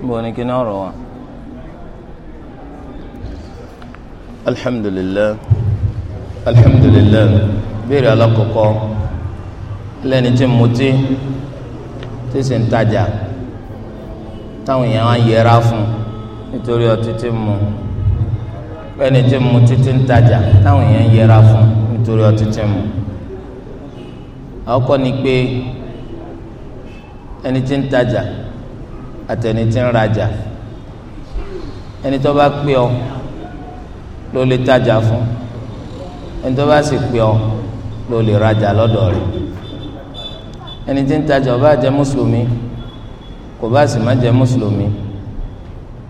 بوني ni الحمد لله الحمد لله alhamdulilayi alhamdulilayi béèrè alákọ̀ọ́kọ́ lẹ́ni tí mutí tí sì ń tajà táwọn èèyàn á yẹra fún nítorí ọtí tí mu lẹ́ni tí mutí tí ń tajà táwọn èèyàn yẹra fún nítorí ọtí tí mu àkọ́kọ́ ni pé ẹni tí ń tajà àtẹni tí ń rajà ẹni tó bá pè ọ ló lè tajà fún ẹni tó bá sì pè ọ ló lè rajà lọ́dọ̀ rẹ̀ ẹni tí ń tajà ó bá jẹ́ mùsùlùmí kò bá sì má jẹ́ mùsùlùmí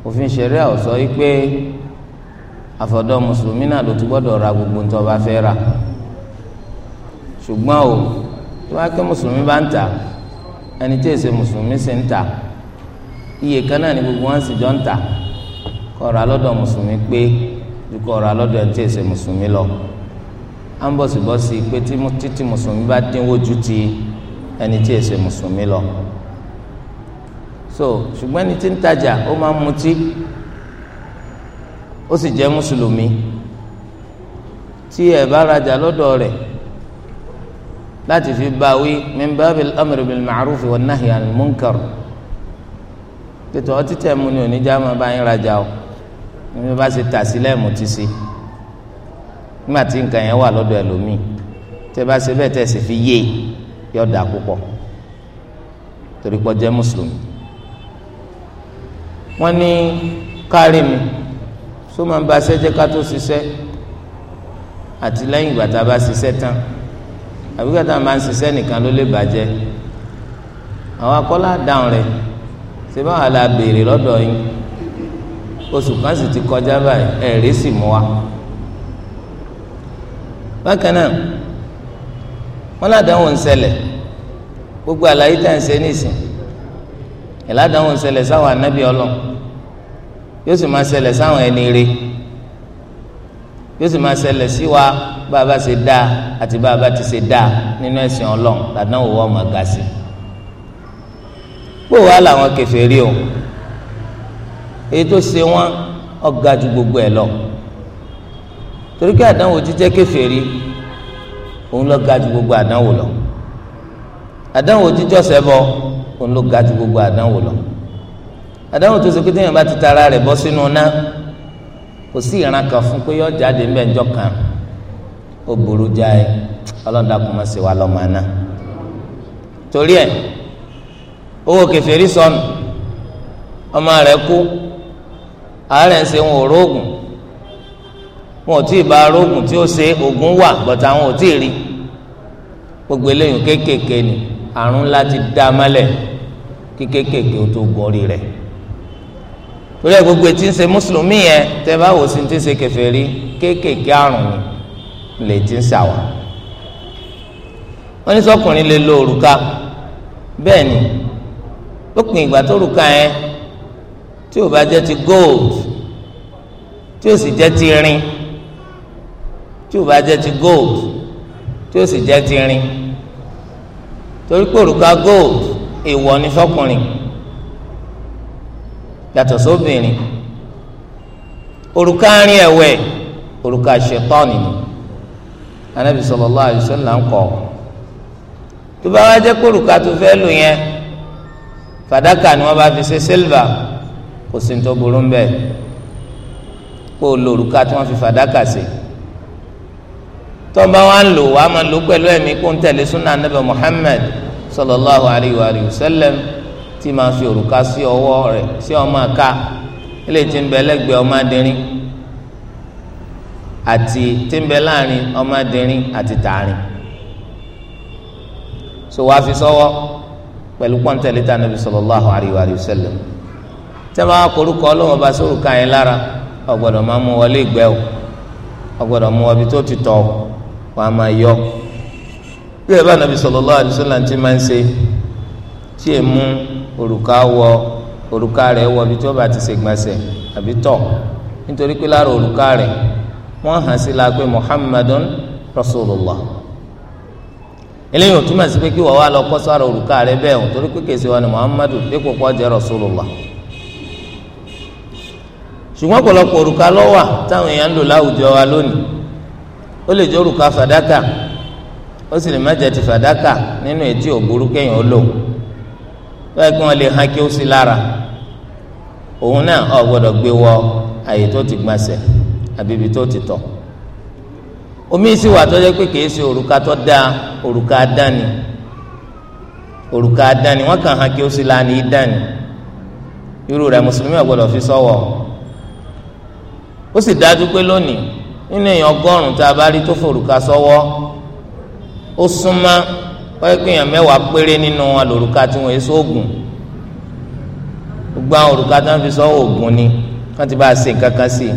òfin ṣẹ̀ríà ó sọ wípé àfọ̀dọ̀ mùsùlùmí náà ló ti gbọ́dọ̀ ra gbogbo nǹkan bá fẹ́ rà ṣùgbọ́n o tó bá ké mùsùlùmí bá ń tà ẹni tí èsè mùsùlùmí sì ń tà iye kan náà ni gbogbo wọn sì jọ ń tà kọ̀ọ̀rọ̀ alọ́dọ̀ mùsùlùmí pé ju kọ̀ọ̀rọ̀ alọ́dọ̀ ẹni tí èsè mùsùlùmí lọ à ń bọ̀sibọ́sí pé títí mùsùlùmí bá dínwó ju ti ẹni tí èsè mùsùlùmí lọ so ṣùgbọ́n ẹni tí ń tajà ó máa ń mutí ó sì jẹ́ mùsùlùmí tí ẹ bá rajà lọ́dọ̀ rẹ̀ láti fi báwí min babil amri bil ma'ruf wan nahyi anil pètò ọtí tẹ̀ mu ni oníjà máa bá yín rajà o ní bá ṣe tà sílẹ̀ mú ti ṣe nígbà tí nǹkan yẹn wà lọ́dọ̀ ẹlòmíì tẹ́ bá ṣe bẹ́ẹ̀ tẹ́ sì fi yé yọ dà púpọ̀ torí pọ̀ jẹ́ mùsùlùmí wọ́n ní kárí mi só máa ń ba ṣẹ́jẹ́ ká tó ṣiṣẹ́ àti lẹ́yìn ìgbà tá a bá ṣiṣẹ́ tán àbíkẹ́ tá a máa ń ṣiṣẹ́ nìkan ló lè bàjẹ́ àwọn akọ́lá dáhùn rẹ̀ ṣé báwa la béèrè lọ́dọ̀ yín oṣù kan sì ti kọjá báyìí ẹ̀rí sì mú wa. bákan náà wọn ládàáwò ń ṣẹlẹ̀ gbogbo àlàyé tá à ń ṣe nísìn ìlàdàáwò ń ṣẹlẹ̀ sáwọn anábì Ọlọ́run yóò sì máa ṣẹlẹ̀ sáwọn ẹni rè yóò sì máa ṣẹlẹ̀ sí wa bá a bá ṣe dáa àti bá a bá ti ṣe dáa nínú ẹ̀sìn Ọlọ́run ládàáwò wọ́n máa ga sí i. pé wàá làwọn kèfèrí o èyí tó ṣe wọn ọ̀gá ju gbogbo ẹ̀ lọ torí pé àdánwò jíjẹ́ kèfèrí òun ló ga ju gbogbo àdánwò lọ àdánwò jíjọ́ ṣẹbọ òun lọ ga ju gbogbo àdánwò lọ àdánwò tó ṣe pé téèyàn bá ti tara rẹ̀ bọ́ sínú ná kò sí ìran kan fún pé yóò jáde kan ó burú jáì ọlọ́dà kò má torí ẹ̀. owó kẹfẹ́rí sọnù ọmọ rẹ̀ kú àárẹ̀ ń ṣe wọn ò rógùn wọn ò tí ì bá rógùn tí ó ṣe oògùn wà bọ̀tà wọn ò tí ì rí gbogbo eléyìí kéékèèké ni àrùn ńlá ti dá a mọ́lẹ̀ kí kéékèèké o tó gbọ́rí rẹ̀ torí ẹ gbogbo etí ń ṣe mùsùlùmí yẹn tẹ bá wò sí ti ń ṣe kèfèrí kéékèèké àrùn ni lè ti ń ṣàwà wọn ní sọkùnrin lè lo òrùka bẹ́ẹ̀ ni lópin ìgbà tó rúkà yẹn tí ò bá jẹ́ ti gold tí ò sì jẹ́ ti rin tí ò bá jẹ́ ti gold tí ò sì jẹ́ ti rin torí pé òrùka gold èèwọ̀ ni fọkùnrin yàtọ̀ sóbìnrin òrùka rin ẹ̀wẹ̀ òrùka ṣẹ̀tánì ni Ànábì sallallahu alaihi wasallam ń kọ́ tó bá wá jẹ́ pé òrùka tó fẹ́ lò yẹn. Fadaka ni wọ́n bá fi ṣe sílvà kò sí ní tó burú mbẹ kó o lo òrùka tí wọ́n fi fàdákà ṣe tọ́ba wa ń lò wàá máa lò pẹ̀lú ẹ̀mí kó ń tẹ̀lé súnà nàbẹ̀ Muhammad sallallahu alayhi wa sallam tí máa fi òrùka sí ọwọ́ rẹ̀ sí ọmọ àká ilé tí ń bẹ lẹ́gbẹ̀ẹ́ ọmọ àti tí ń bẹ láàrin ọmọ àti tààrin so wàá fi sọ́wọ́. So, pẹ̀lú pọ́ńtẹ́lì tá nàbì sallallahu alayhi wa sallam tẹ́lẹ̀ wá korúkọ ọlọ́wọ́n bá sóòrù ká yín lára ọ̀gbọ́dọ̀ máa mú wọlé ìgbẹ́ o ọ̀gbọ́dọ̀ mú wọbi tó ti tọ̀ wàá máa yọ bí ẹ bá nàbì sallallahu alayhi wa sallam ti máa ń ṣe tí è mú òrùka wọ òrùka rẹ̀ wọ ibi tí bá ti ṣègbọ̀nsẹ̀ àbí tọ̀ nítorí pé lára òrùka rẹ̀ wọ́n hàn sí la pé Muhammadun rasulullah eléyìí ò túmọ̀ sí pé kí wọ́n wá lọ kọ́ sára òrùka rẹ bẹ́ẹ̀ si torí pé kèsì ni muhammadu dípò kọ́ jẹ́ rasulullah ṣùgbọ́n ọ̀pọ̀lọpọ̀ lọ wà táwọn èèyàn ń lò láwùjọ wa lónìí ó lè jẹ́ jọ fàdákà ó sì lè má jẹ́ ti fàdákà nínú ètí òburú kéèyàn ó lò báyìí kí wọ́n lè hàn kí ó sí lára òun náà gbé wọ àyè tó omi sì wà tó jẹ́ pé kìí ṣe òrùka tó dáa òrùka dání òrùka dání wọ́n kàn hàn kí ó sì lánà í dání irú rẹ̀ mùsùlùmí ọ̀gbọ́dọ̀ fi sọ́wọ́ ó sì dájú pé lónìí nínú èèyàn ọgọ́rùn tá a bá rí tó fòrùka sọ́wọ́ ó súnmọ́ wáyé pé èèyàn mẹ́wàá péré nínú wọn lòrùka tí wọ́n èso oògùn gbogbo àwọn òrùka tó ń fi sọ́wọ́ oògùn ni wọ́n ti bá a ṣe nǹkan kan sí i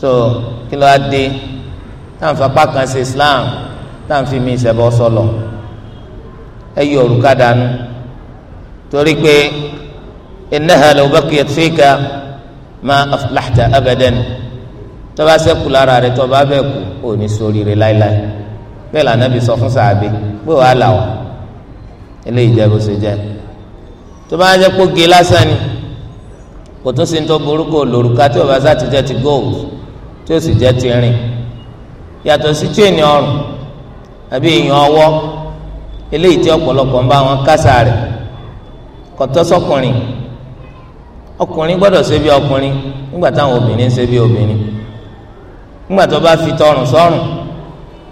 tó. So, kí ló á dé táwọn fapá kan ṣe islam táwọn fi mi ìṣẹ̀bọ sọlọ ẹ yí òrùka dànù torí pé innaha law baqiyat fika ma aflahta abadan tọ́ba sẹ́kù lára rẹ̀ tọ́ba bẹ́ẹ̀ kú òní sóríire láéláé bẹ́ẹ̀ lànàbì sọ fún sàábì pé wàá là wà eléyìí jẹ́ bó ṣe jẹ́ tọ́ba jẹ́ kó ge lásán ni kò tún sí ní tó burúkú lòrùka tí ọba sá ti jẹ́ ti gold tí o sì jẹ́ ti rìn yàtọ̀ sí chain ọrùn àbí èèyàn ọwọ́ eléyìí tí ọ̀pọ̀lọpọ̀ ń bá wọn kásá rẹ̀ kọ̀tọ́sọ́kùnrin ọkùnrin gbọ́dọ̀ ṣe bí ọkùnrin nígbà táwọn obìnrin ṣe obìnrin fi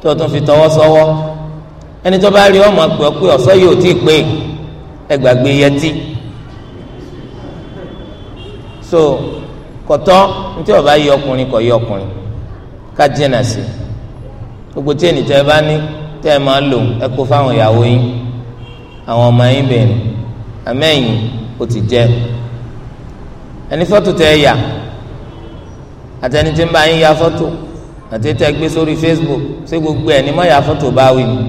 tọrùn fi tọwọ́ ẹni tó bá rí ọmọ pé ọpẹ yìí ò so kọtọ ntí ọba yọ ọkùnrin kọ yọ ọkùnrin ká jìnnà sí gbogbo tí ènìtẹ bá ní tẹ ẹ máa lò ẹ kó fáwọn ìyàwó yín àwọn ọmọ yín bẹ̀rẹ̀ àmẹ́yìn ó ti jẹ́ ẹni fọ́tò tẹ ẹ yà àtẹni bá yín ya fọ́tò àti gbé sórí Facebook ṣé gbogbo ẹ̀ ní mọ́ ya fọ́tò bá wí ni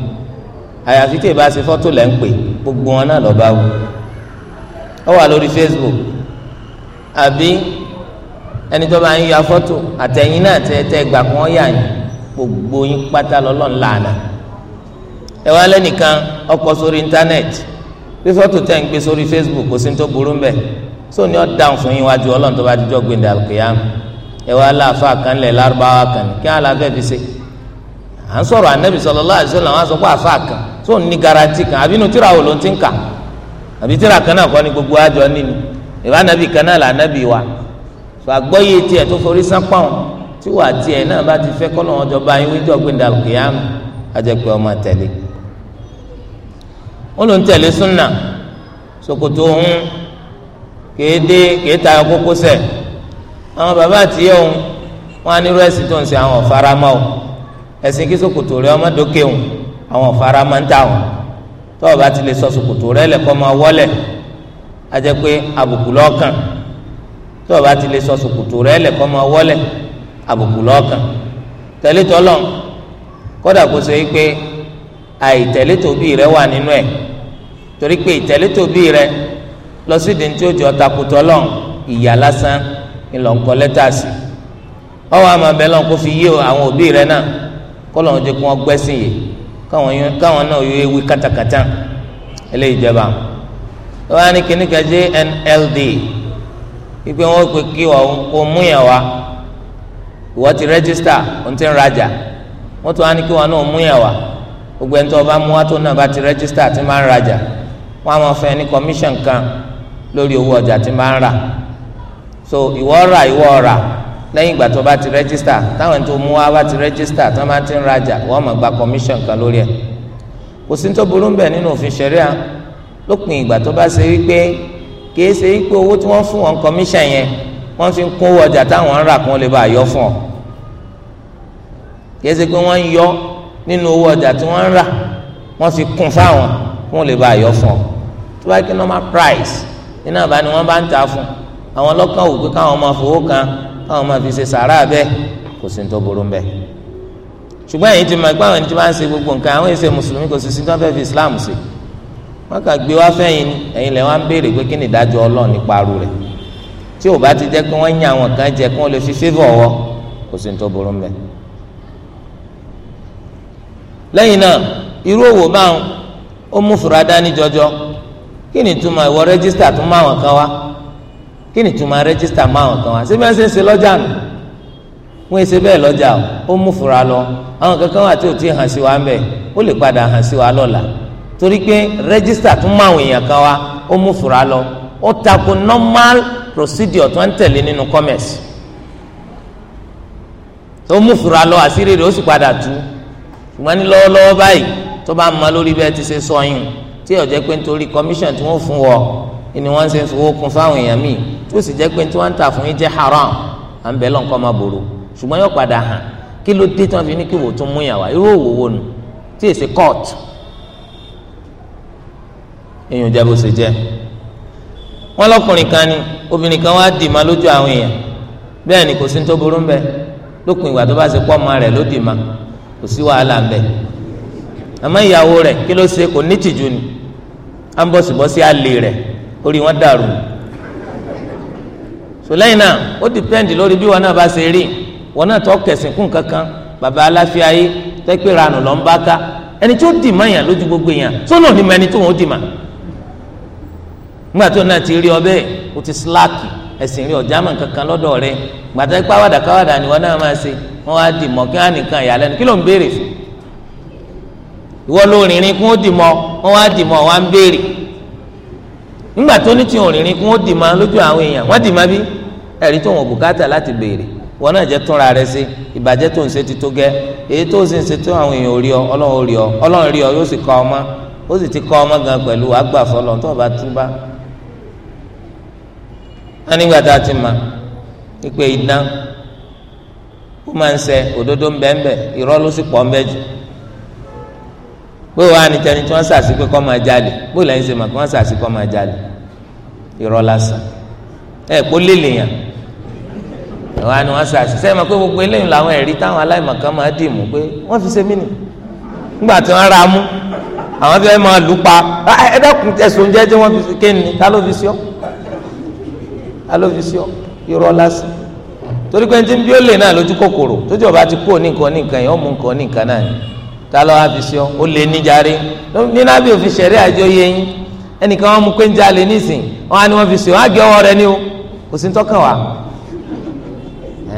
àyàfi tí ìbá ṣe fọ́tò lẹ́ ń pè gbogbo wọn náà lọ́ọ́ bá wí ọ wà lórí Facebook àbí ẹni tó bá ń ya fọ́tò àtẹ̀yìn náà tẹ́ tẹ́ gbà kí wọ́n yà yín gbogbo yín pátá lọ́lọ́ ńlànà ẹ wá lẹ́nìkan ọkọ̀ sórí íńtánẹ́ẹ̀tì bí fọ́tò tẹ́ ń gbé sórí Facebook kò sí tó burú mbẹ́ sọ ni ọ́ dáhùn fún yín wájú ọlọ́run tó bá dijọ́ gbẹ̀ndẹ̀ àlùkìyàmù ẹ wá láàfáà kan lẹ̀ lárúbáwá kan kí á láfẹ́ fi ṣe à ń sọ̀rọ̀ anabi sallallahu alaihi wasallam àwọn àsọ̀kọ́ wa tó àgbọ́yé tiẹ̀ tó forí sápá wọn tí wàá tiẹ̀ náà bá ti fẹ́ kọ́nà ọjọ́ bá yín wíjọ́ gbẹ̀dà kìyàmù ajẹ́pẹ́ ọmọ tẹ̀lé wọn ló ń tẹ̀lé súnà ṣòkòtò ọ̀hún kéde kéta kókó sẹ̀ àwọn bàbá àtìyẹ ọ̀hún wọn á nírú ẹ̀sìn tó ń ṣe àwọn ọ̀farama ọ̀ ẹ̀sìn kí ṣòkòtò rẹ ọmọ dókè ọ̀hún àwọn ọ̀farama ń tà ọ̀hún tọ́ọ̀ bá ti lè sọ ṣòkòtò rẹ lẹ̀kọ́ máa wọ́lẹ̀ ajẹ́pẹ́ àbùkù lọ́ọ̀kan tó o bá ti lè sọ sòkòtò rẹ lẹ kọ́ máa wọ́lẹ̀ àbùkù lọ́ọ̀kan tẹ̀lé tọ́lọ̀ kódà kó so yìí pé rẹ wà nínú ẹ̀ torí pé rẹ lọ sí tí ó jọ takùtọ̀ lọ́n ìyá lásán ìlọ̀nkọ́ lẹ́tà sí ọwọ́ àmọ́ abẹ́ kó fi yí àwọn òbí rẹ náà kó lọ́n jẹ́ kó wọ́n gbẹ́sìn yìí káwọn náà jẹba wọn wípé wọ́n pe kí kò mú yàn wá ìwọ ti rẹ́gísítà òun ti ń rajà wọ́n tún wá ní kí wọn náà mú yàn wá gbogbo ẹni tó bá mú wá tó náà bá ti rẹ́gísítà ti máa ń rajà wọ́n á máa ní commission kan lórí owó ọjà ti máa ń rà so ìwọ rà ìwọ rà lẹ́yìn ìgbà tó bá ti rẹ́gísítà táwọn tó mú wá bá ti rẹ́gísítà tó máa ti ń rajà wọ́n máa gba commission kan lórí ẹ̀ kò sí ní tó burú bẹ́ẹ̀ nínú òfin ṣẹ̀ríà lópin ìgbà tó bá ṣe wípé kìí ṣe pé owó tí wọ́n fún wọn commission yẹn wọ́n fi ń kó ọjà táwọn ń rà kí wọ́n lè bá yọ fún ọ kìí ṣe pé wọ́n ń yọ nínú owó ọjà tí wọ́n ń rà wọ́n fi kún fáwọn kí lè bá yọ fún ọ tó bá kí normal price nínú àbá ni wọ́n bá ń ta fún àwọn ọlọ́kàn wò pé káwọn máa fowó kan káwọn máa fi ṣe sàárà bẹ́ẹ̀ kò sí ní tó burú bẹ́ẹ̀ ṣùgbọ́n èyí ti mọ̀ pé àwọn ẹni tí wọ́n ń ṣe gbogbo nǹkan àwọn èsè mùsùlùmí kò sí sí tí fẹ́ fi Islam ṣe wọn kà gbé wá fẹ́yìn ni ẹ̀yin lẹ wọn béèrè pé kí ni ìdájọ́ Ọlọ́run nípa aru rẹ̀ tí ò bá ti jẹ́ pé wọ́n yàn àwọn kan jẹ kí wọ́n lè fi fífọ̀ ọwọ́ kò sí ní tó burú mbẹ. lẹ́yìn náà irú òwò máa ń ó mú fura dání jọjọ kí ni túmọ̀ ìwọ rẹ́gísítà tún máa wọn kan wá kí ni túmọ̀ rẹ́gísítà máa wọn kan wá síbẹ̀ ṣe ń ṣe lọ́jà nù wọ́n ṣe bẹ́ẹ̀ lọ́jà ó mú fura lọ àwọn kankan wà tí ò tí ì hàn sí wa ń bẹ̀ ó lè padà hàn sí wa lọ́la torí pé rẹ́gísítà tún mú àwọn èèyàn kan wá ó mú fura lọ ó tako normal procedure tó ń tẹ̀lé nínú commerce tó mú fura lọ àṣírí rẹ̀ ó sì padà tú ṣùgbọ́n ní lọ́wọ́lọ́wọ́ báyìí tó bá ń ma lórí bẹ́ẹ̀ ti ṣe sọ yún tí ó jẹ́ pé nítorí commission tí wọ́n fún wọ ni wọ́n ṣe ń fowó kún fáwọn èèyàn míì tó sì jẹ́ pé tí wọ́n ń tà fún yín jẹ́ haram à ń bẹ̀ lọ́nkọ́ máa bòrò ṣùgbọ́n yóò padà hàn kí ló dé tí wọ́n fi ní kí wò tó mú yàn wá irú òwò wo tí èsì court èèyàn jẹ́ bó ṣe jẹ́ wọn lọkùnrin kan ni obìnrin kan wá dì má lójú àwọn èèyàn bẹ́ẹ̀ ni kò sí ní tó burú ń bẹ lópin ìgbà tó bá ṣe pọ ọmọ rẹ ló dì má kò sí wàhálà ń bẹ àmọ́ ìyàwó rẹ kí ló ṣe kò ní tìjú ni à ń bọ̀sibọ́sí àlè rẹ̀ orí wọn dàrú sọlẹ́yìn náà ó dìpẹ́ǹdì lórí bí wọn náà bá ṣe rí wọn náà tó kẹ̀sìn kún kankan bàbá aláfíà yìí tẹ́pẹ́ ranù lọ́nbáká ẹni tó dì má yàn lójú gbogbo yàn nígbà náà ti rí ọ bẹ́ẹ̀ o ti síláàkì ẹ̀sìn rí ọjà mọ̀ kankan lọ́dọ̀ rẹ gbàtà ni wọn náà máa ṣe wọn á dì mọ kí wọn á nìkan ìyàlẹ́nu kí ló ń béèrè fún ìwọ kún dì wọn á dì mọ wọn á béèrè dì lójú àwọn èèyàn wọn dì bí ẹ̀rí tó wọn bùkátà láti béèrè wọn ti tó èyí tó ń ṣe tó àwọn wọn nígbà ti ma pípé iná ó máa ń ṣe òdodo ńbẹ́ńbẹ́ irọ́ ló sì pọ̀ ńbẹ́ jù pé wàá ní tí wọ́n sàṣì pé kọ́ máa jalè bó lẹ́yìn ṣe ma kí wọ́n sàṣì kọ́ máa jalè irọ́ lásán ẹ̀ kó lélẹ̀ yàn wàá ní wọ́n sàṣì sẹ́yìn eléyìí làwọn ẹ̀rí táwọn aláìmọ̀kan máa dì mú pé wọ́n fi ṣe mí nì nígbà tí wọ́n ra mú àwọn máa pa ẹ ẹ̀sùn jẹ́ tí wọ́n fi kéènì ló fi ṣe ọ́ alófisíọ irọ́ lásán torí pé ní ti ń bí ó lè náà lójú kòkòrò tójú ọba ti kú òní nǹkan oníkan yẹn ó mú nǹkan náà ni ta lọ wá fi sí ọ ó lè níjàre nínú àbí òfin ṣẹ̀rí àjọ fi sí ọ á gé rẹ ní o kò sí ń tọ́kàn wá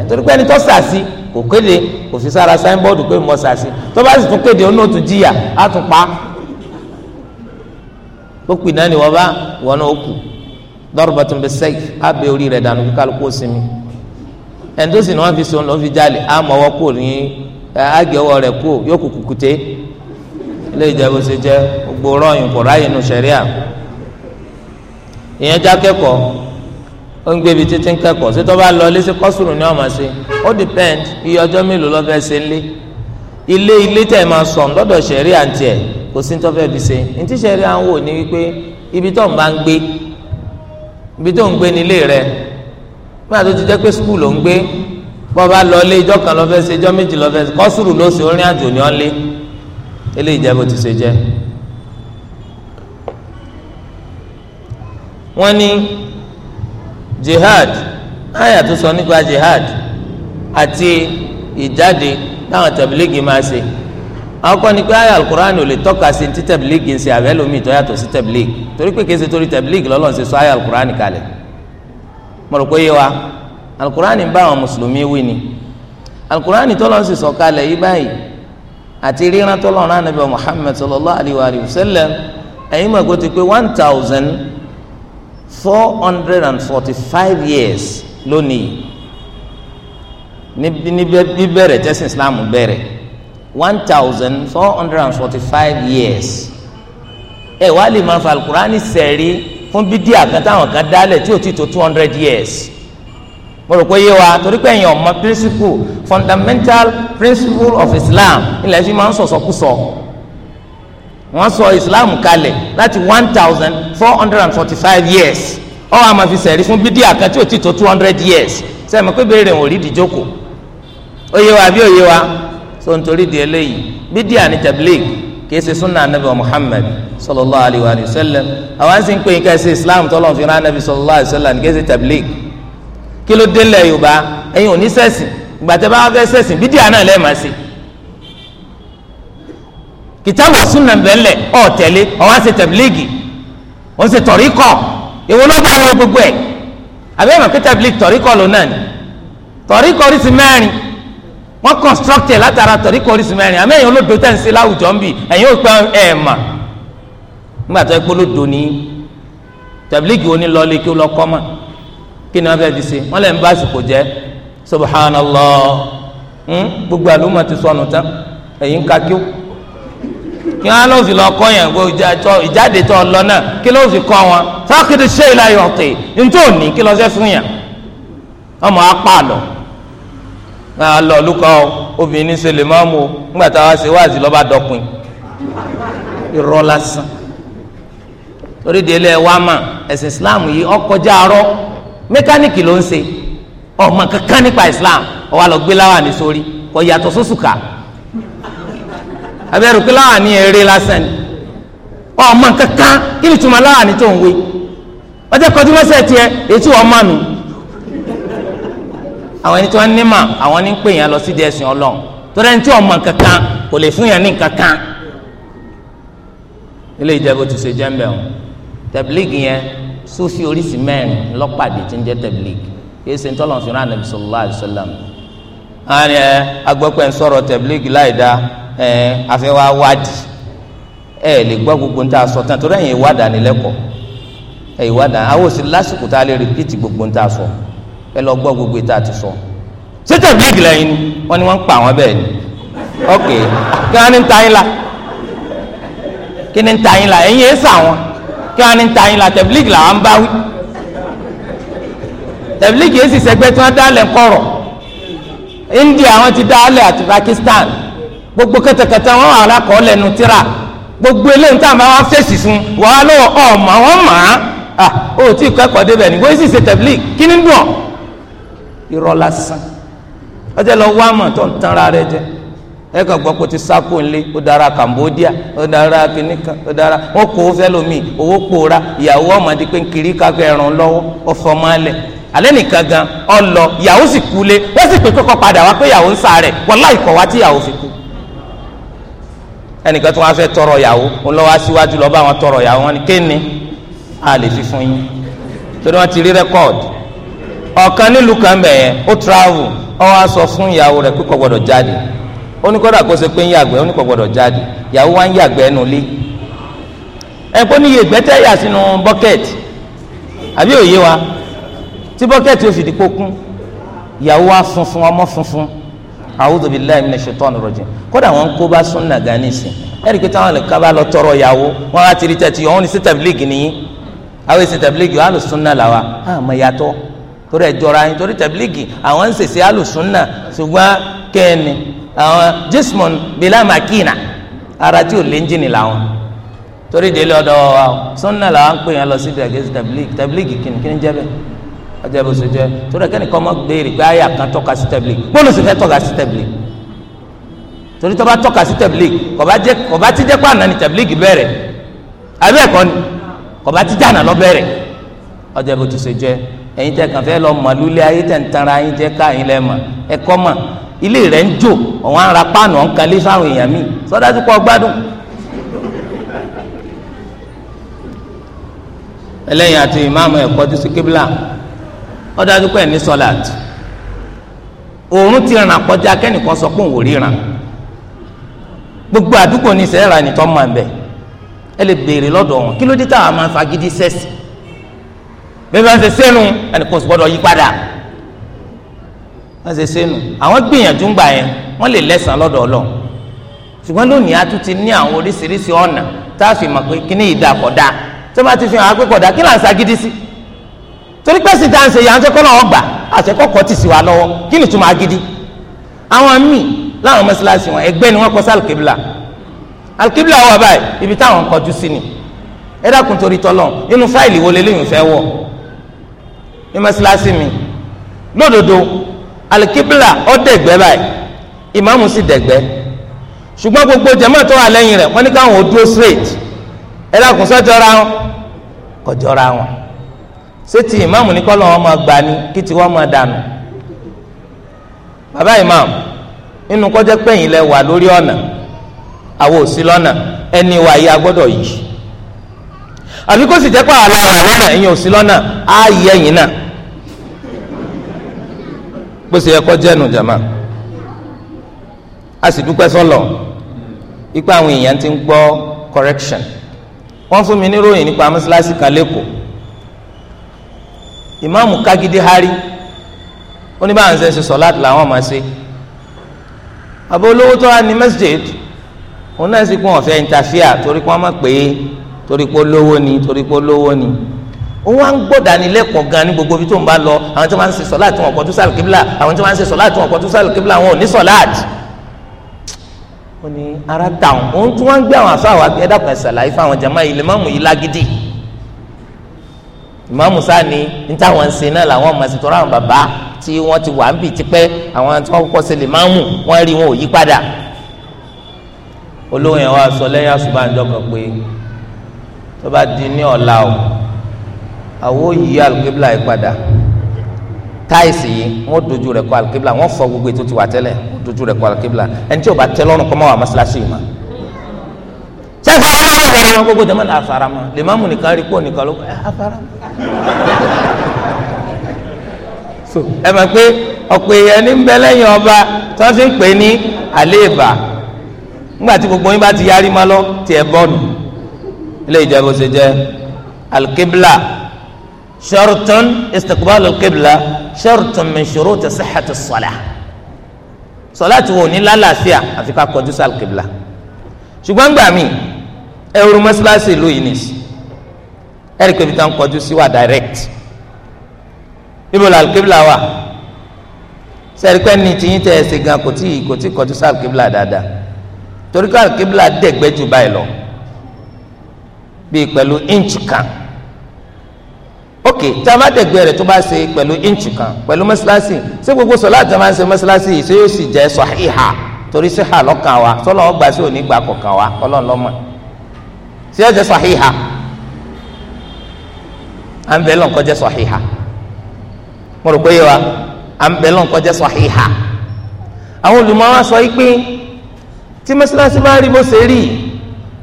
torí pé ẹni tó sàásì kò kéde kò fi sára sáínbọ́ọ̀dù pé mo sàásì tó bá sì tún kéde ó náà tún ni wọn bá náà darbatun bis-sayf abẹ́ orí rẹ̀ dànù kíkálukú sinmi ẹni tó sì ni wọ́n fi so lọ́n fi jalè àmọ́wọ́ kò ní àgẹ́wọ́ rẹ̀ kò yóò kú kùkùté ilé ìjẹ́bù ṣe jẹ́ gbogbo rọ́ọ̀yìn kò ráyè nù sẹ̀ríà ìyẹn já kẹ́kọ̀ọ́ ó ń gbébi títí ń kẹ́kọ̀ọ́ bá lọ ilé sí kọ́sùrù ni wọ́n máa ṣe ó depend iye ọjọ́ mélòó lọ́ fẹ́ ṣe ńlé ilé ilé tẹ̀ máa sọ̀ lọ́dọ̀ sẹ̀ríà ń tiẹ̀ kò sí ní tó fi ṣe ní tí sẹ̀ríà ń wò ní wípé ibi tó ń bá ń gbé ibi tó ń gbé nílé rẹ nígbà tó ti jẹ́ pé skul ló ń gbé bọ́ bá lọ lé ijọ́ kan lọ́fẹ́ ṣe ijọ́ méjì lọ́fẹ́ ṣe kọ́sùrù ló ṣe orin àjò ní ọ́lé eléyìí jẹ́ bó ti ṣe jẹ́. wọ́n ní jihad àyà tó sọ nípa jihad àti ìjáde táwọn tàbílẹ́gì máa ṣe àkọ́kọ́ ni pé àyà alukur'an ò lè tọ́ka sí ti tẹ̀blígì ń ṣe àbẹ́ lómi tó yàtọ̀ sí tẹ̀blígì torí pé kìí ṣe torí tẹ̀blígì lọ́lọ́ ṣe sọ àyà alukur'an kalẹ̀ mo rò pé yé wa alukur'an ń bá àwọn mùsùlùmí wí ni alukur'an tọ́lọ́ ṣe sọ kalẹ̀ yí báyìí àti ríran tọ́lọ́ náà nàbẹ̀ Muhammad sallallahu alayhi wa sallam ẹ̀yin mọ̀ kó ti pé one thousand four hundred and forty five years lónìí ní tẹ́sí Islam bẹ̀rẹ̀ one thousand four hundred and forty-five years ẹ wá lè máa fa alukurani sẹ̀rí fún bídí àkàn táwọn kan dálẹ̀ tí ò ti tó two hundred years mo rò pé yé wa torí pé èèyàn mọ principle fundamental principle of Islam ilẹ̀ fi máa ń sọ̀sọ̀kúsọ wọ́n sọ Islam kalẹ̀ láti one thousand four hundred and forty-five years ọ̀ àmọ́ fi sẹ̀rí fún bídí àkàn tí ò ti tó two hundred years sẹ́mi pé béèrè òrí ìdíjókòó ó yé wa bí ó wa so nítorí di eléyìí bídíà ní tabligh kìí ṣe sunna anabi muhammed sallallahu alayhi wa sallam àwọn sì ń pè é ká ṣe islam tọ́lọ̀ fi rán anabi sallallahu alayhi wa sallam kìí ṣe tabligh kí ló délẹ̀ yorùbá ẹ̀yin ò ní sẹ́sìn gbàtẹ́ bá wà fẹ́ sẹ́sìn bídíà náà lẹ́ẹ̀ máa ṣe kìtàbù sunna bẹ́ẹ̀lẹ̀ ọ̀ tẹ̀lé ọ̀wá ṣe tabligh wọ́n ṣe tọ̀ríkọ̀ èwo ló bá wọn gbogbo ẹ̀ àbẹ́ẹ̀mọ̀ kí tabligh tọ̀ríkọ̀ lónà ni tọ̀ríkọ̀ oríṣi mẹ́rin wọ́n construct ẹ̀ látara tọ̀rí kọ́ orísun mẹ́rin àmì ẹ̀yìn olódo tẹ̀ ń ṣe láwùjọ ń bì ẹ̀yìn òpin ẹ̀ mà nígbà tó ẹ pé olódo ní tàbílígì òní lọ lé kí ó lọ kọ́ mà kí ni wọ́n fẹ́ẹ́ fi ṣe wọ́n lè ń bá àsìkò jẹ́ subhanallah hmm? gbogbo àlùmọ̀ ti sọnù tán ẹ̀yìn ká kí ó kí wọ́n lọ́ọ́ fi lọ kọ́ yẹn gbogbo ìjáde tó lọ náà kí lọ́ọ́ fi kọ́ wọn sákìtì ṣe ìlà yọ̀ọ̀tì ntòní kí lọ́ọ́ fẹ́ fún yàn ọmọ apá lọ na lọ lukọ obìnrin ní sẹlẹ máa mú o nígbà táwa ṣe wáàzì lọ́ba dọ̀pin irọ́ lásán torí délé ẹ wá mà ẹ̀sìn islam yìí ọkọjá arọ mẹkáníìkì ló ń ṣe ọmọ kankan nípa islam ó wá lọ gbé láwà ní sórí kò yàtọ̀ sósùkà abẹ́rù pé láwà ní eré lásán ni ọmọ kankan kí ni túmọ̀ láwà ní tó ń wé ọjọ́ kọjú mọ́sẹ̀ tiẹ̀ ètí àwọn ẹni tí wọ́n ní mà àwọn ní pè yẹn lọ sí díẹ̀ sìn ọlọ́run torí ẹni tí ọmọ kankan kò lè fún yẹn ní kankan ilé ìjẹ́bù ti ṣe jẹ́ ń bẹ̀ wọn tẹ̀blígì yẹn sufi oríṣi mẹ́rin lọ́pàdé tí ń jẹ́ tẹ̀blígì kìí ṣe ń tọ́lọ̀ fún anabi sallallahu alayhi sallam àwọn ẹ agbọ́pẹ́ ń sọ̀rọ̀ tẹ̀blígì láì dá ẹ afẹ́wà wádìí ẹ lè gbọ́ gbogbo ń tà sọ tán torí ẹ̀yin ìwádà nílẹ̀kọ̀ ẹ̀ ìwádà àwọn òsì lásìkò tá a lè rìpíìtì gbogbo ń tà sọ ẹ lọ gbọ́ gbogbo ìta àti sọ ṣé tẹ̀blíìgì lẹ́yìn ni wọ́n ní wọ́n ń pa àwọn bẹ́ẹ̀ ni ok kí wọ́n ní ta yín la kí ni ta yín la ẹ̀yin ẹ̀ sà wọn kí wọ́n ní ta yín la tẹ̀blíìgì làwọn ń bá wí tẹ̀blíìgì yìí sì sẹ́gbẹ́ tí wọ́n dá lẹ̀ India wọ́n ti dá àti Pakistan gbogbo kẹtẹkẹtẹ wọn wà lákọọ́lẹ̀ nu tíra gbogbo eléyìí tá a máa wá fèsì fún wàá lọ́wọ́ ọ̀ mà wọ́n mà á ò tí ì kọ́ ẹ̀kọ́ ni wọ́n sì ṣe tẹ̀blíìgì kí ni dùn ọ́ irọ́ lásán ọjọ́ lọ wá mọ̀ tó ń tanra rẹ jẹ ẹ kàn gbọ́ pé o ti sáko ńlẹ̀ o dára Cambodia o dára kìnìkan o dára wọn kò ó fẹ́ lómi owó pòórá ìyàwó ọmọdé pé ń kiri káfẹ́ ẹ̀rùn lọ́wọ́ ọ̀fọ̀ máa lẹ̀ alẹ́ nìkan gan ọlọ yàwó sì kú lé wọ́n sì pé kọ́kọ́ padà wá pé yàwó ń sa rẹ̀ wàláhì kọ̀ wá tí yàwó fi kú. ẹnìkan tó wá fẹ́ tọrọ yàwó ń lọ wá síwájú lọ bá wọn tọrọ yàwó wọn ni kéènì a lè fi fún yín torí wọn ti rí rẹ́kọ̀dì ọ̀kan nílùú kan bẹ̀ yẹn ó travel ó sọ fún ìyàwó rẹ̀ pé gbọdọ̀ jáde ó ní kó ṣe pé ń yàgbẹ́ ó ní gbọdọ̀ jáde ìyàwó wa ń yàgbẹ́ ẹnu lé ẹ̀kọ́ ní iye gbẹ́tẹ́ yà sínú bucket àbí òye wa tí fi di kókún ìyàwó wa funfun ọmọ funfun a'udhu billahi minash shaitani rajim kódà wọn kó bá sún nàgà nísìn pé lọ tọrọ ìyàwó wọn á ti rí ọ̀hún ní àwọn wọn á lọ sún náà làwà torí ẹ jọra yín torí tẹbílíìgì àwọn ń ṣèṣe alùsùnà ṣùgbọ́n kẹ́ni àwọn jismon bílá màkìnà ara tí ò lé ńjìnì làwọn torí délé ọ̀dọ̀ wa sunna làwọn ń pè yẹn lọ sí dàgẹ́sì tẹbílíìgì tẹbílíìgì kìnnìkìnnì jẹ́ bẹ́ẹ̀ ọjọ́ ìbùsù jẹ́ torí ẹ̀kẹ́ni kọ́ mọ́ gbèrè pé àyà kan tọ́ka sí tẹbílíìgì bọ́ọ̀lù sì fẹ́ tọ́ka sí tẹbílíìgì torí tó bá tọ́ka sí tẹ̀blíìgì kò ti jẹ́ àná ni tẹ̀blíìgì bẹ̀rẹ̀ àbí ni kò ti jẹ́ àná lọ bẹ̀rẹ̀ ọjọ́ ìbò ti ẹ̀yin tẹ kàn lọ màlúlẹ̀ ayé tẹ̀ ń tanra ẹ̀yin tẹ ká ilé ń jò ara páànù ọ̀nkalẹ́ fáwọn èèyàn mi sọdá tó gbádùn. ẹlẹ́yìn àti ìmáàmù ẹ̀kọ́ tó sí kébìlà ó dájú ní sọlát òórùn ti ràn kẹ́nìkan sọ gbogbo àdúgbò ní sẹ́ẹ̀rà nìtọ́ bẹ̀ ẹ lè béèrè lọ́dọ̀ wọn kí ló dé táwọn máa bí wọ́n ṣe sẹ́nu ẹnì kan sì gbọ́dọ̀ yí padà wọ́n ṣe sẹ́nu àwọn gbìyànjú ń gbà yẹn wọ́n lè lẹ́sàn lọ́dọ̀ ọlọ́ ṣùgbọ́n lónìí a tún ti ní àwọn oríṣiríṣi ọ̀nà tá a fi mọ̀ pé kíní ìdá kọ̀dá tó bá ti fi hàn akpékọ̀dá kí là ń sagídí sí torí pé sì tá à ń ṣe yà ń ṣe kọ́nà ọgbà àṣekọ́kọ́ ti sì wà lọ́wọ́ kí ni túmọ̀ agídí àwọn míì láwọn mọ́ṣáláṣí wọn ẹgbẹ́ ni wọ́n kọ́ sí alùkébìlà alùkébìlà wà báyìí ibi táwọn kọjú sí ni ẹ dákun torí tọ́lọ́ inú fáìlì wo lélẹ́yìn fẹ́ wọ̀ ní mọ́sálásí mi lódodo alikibla ó dẹ̀gbẹ́ báyìí ìmáàmù sì dẹ̀gbẹ́ ṣùgbọ́n gbogbo jàmáà tó wà lẹ́yìn rẹ̀ wọ́n ní káwọn ò dúró straight ẹ dákun sọ́jọ́ra wọn kọjọ́ra wọn ṣé ti ìmáàmù ní kọ́lọ́ wọn máa gbà ní kí ti wọ́n máa dànù bàbá ìmáàmù nínú kọjá pẹ̀yìn lẹ wà lórí ọ̀nà àwọn òsì lọ́nà ẹni wà yìí agbọ́dọ̀ yìí àbí sì jẹ́ pé àwọn alára lọ́nà ẹ̀yìn òsì lọ́nà á yẹ ẹ̀yìn náà bó ṣe yẹ kó jẹ́ nu jàmá a sì dúpẹ́ sọ́lọ̀ ipa àwọn èèyàn ti ń gbọ́ correction wọ́n fún mi níròyìn nípa mọ́ṣáláṣí kan lẹ́kọ̀ọ́ ìmáàmù kágídé hárí ó ní báwọn ṣe ń ṣe sọ̀láàtì làwọn máa ṣe àbọ̀ olówó tó wà ní masjid òun náà sì kún ọ̀fẹ́ interfere torí pé wọ́n mọ̀ pé torí pé olówó ni torí pé olówó ni òun wá ń gbọ́ dánilẹ́kọ̀ọ́ gan ní gbogbo ibi tó ń bá lọ àwọn tí wọ́n ń ṣe sọ́lá tí wọ́n kọjú sáàlù kíbla àwọn tí wọ́n ń ṣe sọ́lá tí wọ́n kọjú sáàlù kíbla wọn ò ní sọ́lá àti. ó ní ara dáhùn òun tí wọ́n ń gbé àwọn àfa àwọn abẹ́ ẹ̀dàkùn ẹ̀sẹ̀ láì fún àwọn jama ilé mọ́mù yìí lágídì. ìmáàmù sáà ni ní táwọn ń ṣe náà làwọn ọmọ ẹ̀sìn tó bàbá tí wọ́n ti wà ń bì tipẹ́ àwọn di ní ọ̀la o àwọn yìí alùkébìlà yìí padà táìsì yìí wọ́n dojú rẹ̀ kọ alùkébìlà wọ́n fọ gbogbo ètò tiwa tẹ́lẹ̀ wọ́n dojú rẹ̀ kọ alùkébìlà ẹni tí o bá tẹ́ lọ́rùn kọ́ máa wà mọ́ṣáláṣí yìí ma. sẹ́fà aláwọ̀ wọ̀rọ̀ wọn gbogbo jẹ́mọ́ náà afárá ma lè má mú nìkan rí pọ̀ nìkan ló ẹ afárá ma. so ẹ mọ̀ pé ọ̀pọ̀ èèyàn ní bẹ lẹ́yìn ọba tí wọ́n ti ń pè ní àléèbà nígbà tí gbogbo yín bá ti yarí ma lọ tiẹ̀ bọ́ọ̀nù ilé ìjẹ́bù ṣe jẹ́ alùkébìlà shartun istiqbalul qibla shartun min shuruti sihhati salah sọláàtì wo ní lálàáfíà àfi ká kọjú sí alqibla ṣùgbọ́n gbà mí ẹrù mọ́ṣáláṣí ìlú yìí nìsí ẹ̀rí pé bíi tá à ń kọjú sí wa direct ibo la alqibla wa sẹ́rí pé ní tiyín tẹ̀ ẹ̀sìn gan kò tí kò tí kọjú sí alqibla dáadáa torí ká alqibla dẹ̀gbẹ́ jù báyìí lọ bíi pẹ̀lú inch kan ok tí a bá dẹ̀gbẹ́ rẹ̀ tó bá ṣe pẹ̀lú íǹchì kan pẹ̀lú mọ́ṣáláṣí ṣé gbogbo sọlá àti máa ń ṣe mọ́ṣáláṣí yìí ṣé yóò sì jẹ́ sọ̀híhà torí síhà lọ́kàn wa sọlọ́ ọgbà sí òní gbà kọ̀ọ̀kan wa ọlọ́run lọ́mọ ṣé yóò jẹ́ sọ̀híhà à ń bẹ̀ lọ́n kọjá sọ̀híhà mo rò pé yẹ wa à ń bẹ̀ lọ́n kọjá sọ̀híhà àwọn olùmọ̀ wa sọ yìí pé tí mọ́ṣáláṣí bá rí bó ṣe rí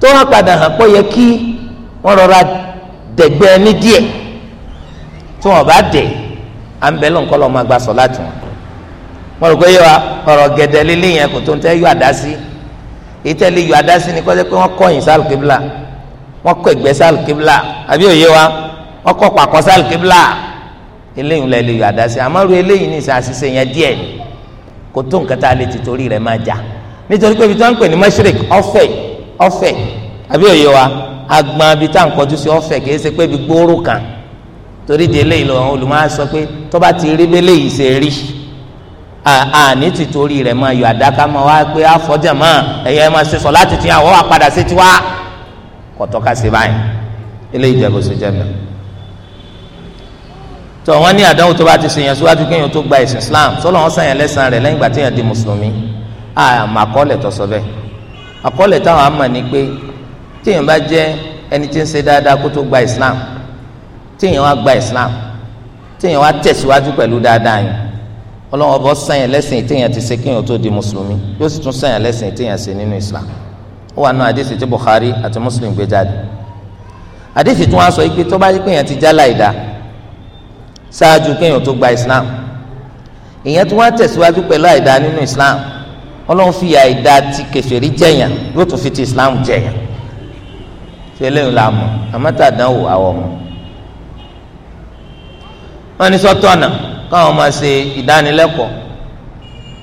tó wá padà hàn pọ̀ yẹ kí wọ́n rọra dẹ̀gbẹ́ ní díẹ̀ tí wọn bá dé à ń bẹ ló ń kọ́ lọ́ máa gba sọ láti wọn. mo rò pé yẹ wa ọ̀rọ̀ líle yẹn kò tó ń tẹ́ yọ àdá sí yọ àdá ni kọ́ jẹ́ pé wọ́n kọ́ yìn sáàlù kíbla wọ́n kọ́ ẹ̀gbẹ́ sáàlù kíbla àbí òye wa wọ́n kọ́ pàkọ́ sáàlù kíbla eléyìí lẹ́ lè yọ àdá sí àmọ́ ru eléyìí ní ìsàṣìṣe yẹn díẹ̀ kò tó nǹkan tá a lè ti torí rẹ̀ máa jà nítorí pé ibi tí ń pè ní mashrik ọ̀fẹ́ ọ̀fẹ́ àbí òye wa agbọn ibi tá à ń kọjú kì í ṣe pé ibi gbóòrò kan torí de eléyìí lọ àwọn olùmọ̀ọ́ sọ pé tó bá ti rí bẹ́lẹ̀ yìí ṣe rí àní ti torí rẹ̀ máa yọ àdáká máa wá pé àfọ́jà máa ẹ̀yẹ ẹ̀ máa ṣe sọ láti ti àwọn àpadà sí tiwa kọ̀tọ́ka sí báyìí eléyìí jẹ́ bó ṣe jẹ́ mi. tó wọn ní àdánwò tó bá ti ṣèyàn síwájú kéèyàn tó gba ìsìn Islam sọlọ wọn sàn yẹn lẹ́sàn-án rẹ̀ lẹ́yìn ìgbà téèyàn di mùsùlùmí àmọ́ àkọọ́lẹ̀ tó sọ bẹ́ẹ̀ àkọọ́lẹ̀ táwọn àmọ̀ ni pé téèyàn bá jẹ́ ẹni tí ń ṣe dáadáa kó tó gba Islam téèyàn wá gba islam téèyàn wá tẹ̀síwájú pẹ̀lú dáadáa yìí ọlọ́wọ́n bọ́ sẹ́yìn lẹ́sìn téèyàn ti ṣe kéèyàn tó di mùsùlùmí yóò sì tún sẹ́yìn lẹ́sìn téèyàn ṣe nínú islam ó wà nù àdéhìí tí bukhari àti muslim gbé jáde àdéhìí tí wọ́n sọ pé tó bá yẹ kéèyàn ti jálá ìdá ṣáájú kéèyàn tó gba islam ìyẹn tí wọ́n tẹ̀síwájú pẹ̀lú àìdá nínú islam ọlọ́run fi àìdá ti kèfèrí jẹ̀yàn yóò tún fi ti islam jẹ̀yàn fi eléyìí la mọ̀ àmọ́ tàdánwò àwọn ọmọ wọ́n ní sọ́tọ̀nà káwọn máa ṣe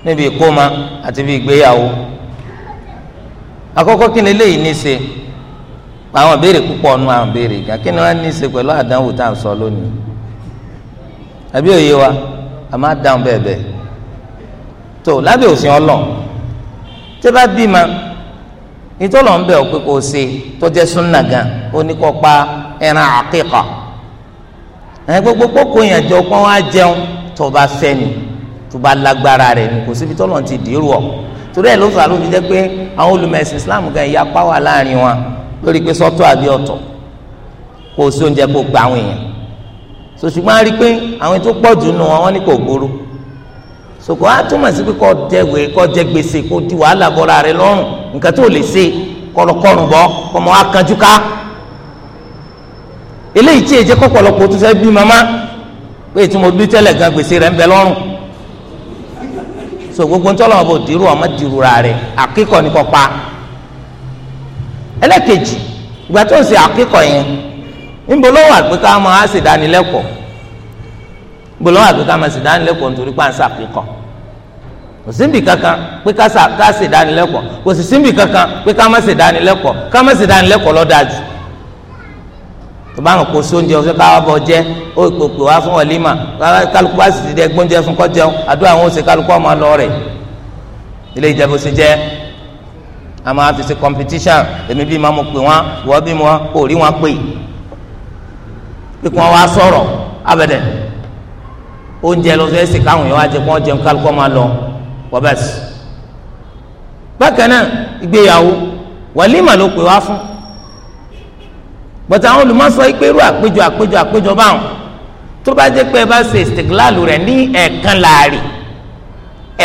níbi ìkóma àti bí ìgbéyàwó àkọ́kọ́ kí ni eléyìí àwọn béèrè púpọ̀ nu àwọn béèrè gan kí ni ní pẹ̀lú àdánwò tá à ń sọ lónìí àbí òye wa a máa dáhùn bẹ́ẹ̀ bẹ́ẹ̀ tó lábẹ́ òsín tí bá ìtọ́lọ̀ ń bẹ̀ ọ́ pé kò tó jẹ́ gan ẹran ẹ gbogbo kókó yẹn jọ pọ́n wá jẹun tó bá fẹ́ ni tó bá lágbára rẹ̀ ni kò síbi tọ́lọ̀ ti dìrú ọ torí ẹ̀ ló fà ló fi jẹ́ pé àwọn olùmẹ̀sìn Islam gan ìyá pàwọ́ láàrin wọn lórí pé sọ́tọ̀ àbí ọ̀tọ̀ kò sí oúnjẹ kó gba àwọn èèyàn so ṣùgbọ́n a rí i pé àwọn tó pọ̀ jù nù wọn wọn ní kò gbóró so kò á túmọ̀ sí pé kò jẹ̀wé kò jẹ gbèsè kò di wàhálà bọ́ra rẹ̀ lọ́rùn nǹkan tó lè ṣe kọ̀rọ̀kọ̀rùn bọ́ kọ́mọ akànjú ká eléyìí tí èjẹ kọpọlọpọ tó fẹ́ bí mama pé tí mo bí tẹ́lẹ̀ gan gbèsè rẹ̀ ń bẹ lọ́rùn so gbogbo ntọ́ lọ́wọ́ bò dirú ọmọ dirú ra rẹ̀ akíkọ̀ ní kọ́ pa ẹlẹ́kejì ìgbà tó ń ṣe akíkọ̀ yẹn níbo ló wà pé ká máa ṣèdánilẹ́kọ̀ọ́ níbo ló wà pé ká máa ṣèdánilẹ́kọ̀ọ́ nítorí pàǹsà akíkọ̀ kò síbi kankan pé ká ṣèdánilẹ́kọ̀ọ́ kò sì síbi kankan pé ká má ṣèdánilẹ́kọ̀ọ́ ká má ṣèdánilẹ́kọ̀ọ́ lọ́dájú tó bá ń kó sóúnjẹ ọ̀fẹ́ káwá bọ̀ jẹ́ ó ìpòpò wá fún ọ̀límà kálukú bá sì ti dẹ gbóúnjẹ fún kọ́jẹun àdúrà àwọn oṣù kálukú ọmọ lọ rẹ̀ ilé ìjẹ́bù sì jẹ́ a máa fi ṣe competition èmi bí máa mo pè wọ́n wọ́n bí wọ́n kò rí wọn pè pípọ́n wá sọ̀rọ̀ abẹ́dẹ̀ oúnjẹ lọ fẹ́ sì káwọn èèyàn wá jẹ kó jẹun kálukú ọmọ lọ wọ́n bẹ̀ sí. bákan náà ìgbéyàwó wọ̀límà ló pè wá fún bọ̀tà àwọn olùmọ̀sọ yìí pé irú àpéjọ àpéjọ àpéjọ báwọn tó bá jẹ́ pé ẹ bá ṣe ìsìtìgíláàlù rẹ̀ ní ẹ̀ẹ̀kan láàrì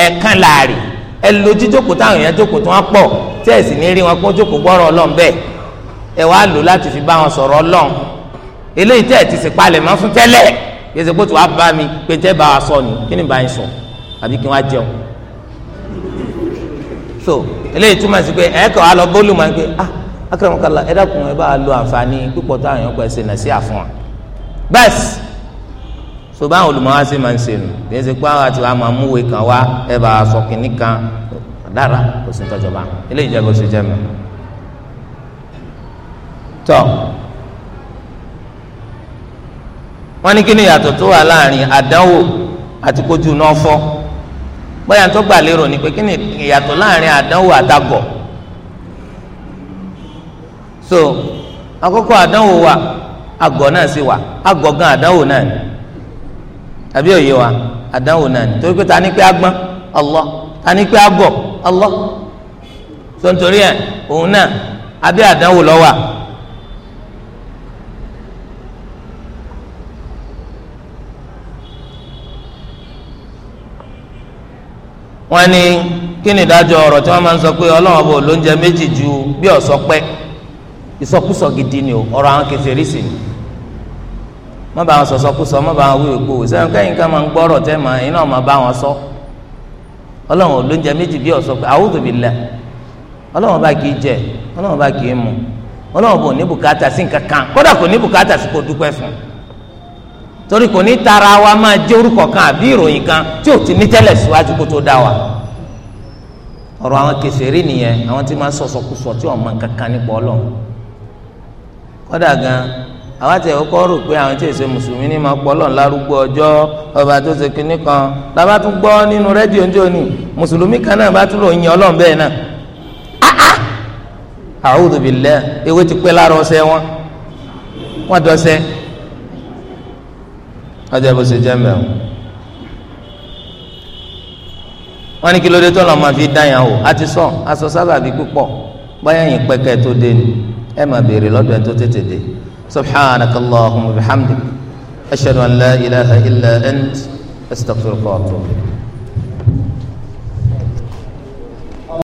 ẹ̀ẹ̀kan láàrì ẹ lo jíjókòó táwọn èèyàn jókòó tí wọ́n pọ̀ tí ẹ̀ sì ní rí wọn kó jókòó gbọ́rọ̀ ọlọ́run bẹ́ẹ̀ ẹ wá lò láti fi bá wọn sọ̀rọ̀ ọlọ́run eléyìí tẹ́ ẹ̀ ti sì palẹ̀ mọ́ fún tẹ́lẹ̀ yẹsẹ̀ kó tó wá bá mi pé tẹ́ bá wa sọ ni kí ni bá yín sọ àbí kí wọ́n ah akérèmọkànlá ẹ dákun ẹ bá lo àǹfààní pípọ̀ táwọn èèyàn pẹ̀ ṣe nà sí àfọ̀n bẹ́ẹ̀sì so báwọn olùmọ̀wá sì máa ń ṣe nù bí ẹ ṣe pé àwọn àti wàá máa múwèé kan wá ẹ bá a sọ kìnnì kan dára kò sí tọ́jọba eléyìí jẹ́ bó ṣe jẹ́ mi tọ́ wọ́n ní kí ni yàtọ̀ tó wà láàrin àdánwò àti kójú náà fọ́ bóyá tó gbà lérò ni pé kí ni ìyàtọ̀ láàrin àdánwò àtagọ̀ so àkọ́kọ́ àdánwò wa agọ náà sì wà àgọ́ gan náà ni àbí òye wa àdánwò náà ni torí pé ta ni pé agbọn ọlọ ta ni pé agọ̀ ọlọ so nítorí ẹ̀ òun náà abẹ́ àdánwò lọ à. wọ́n ní kí ni ìdájọ́ ọ̀rọ̀ tí wọ́n máa ń sọ pé Ọlọ́run ọba ò lóúnjẹ méjì ju bí ìsọkúsọ gidi ni o Ọrọ àwọn kèfèrí sì ni má bá wọn sọsọkúsọ má bá wọn wí ògbó sẹ́yìn ká máa ń gbọ́rọ̀ tẹ́ máa iná máa bá wọn sọ ọlọ́run ló ń jẹ méjì bí pé àwùjọ bí bá kan kódà kò ní bùkátà sí kò fún tara wa máa orúkọ kan àbí kan tí ò ti ní síwájú kó tó dá wa Ọrọ àwọn nìyẹn àwọn tí máa kódà gan àwọn àti ẹ̀kọ́ rò pé àwọn tí èsè mùsùlùmí ní máa pọ́lọ̀ lárúgbó ọjọ́ ọba tó ṣe kinní kan làbá tún gbọ́ nínú rédíò ń jóni mùsùlùmí kan náà bá tún lò ń yan ọlọ́run bẹ́ẹ̀ náà ewé ti pẹ́ lára ọsẹ wọn wọn dọ́sẹ́ ọjọ́ bó ṣe jẹ́ mẹ́rin wọn ní kí tó lọ́ọ́ máa fi àti sọ aṣọ sábàbí púpọ̀ báyà yín pẹ́kẹ́ tó dé ni. ẹ máa béèrè lọ́dọ̀ ẹ tó tètè dé subhanaka allahumma bihamdik ashhadu an la ilaha illa ant astaghfiruka wa atubu ilayk.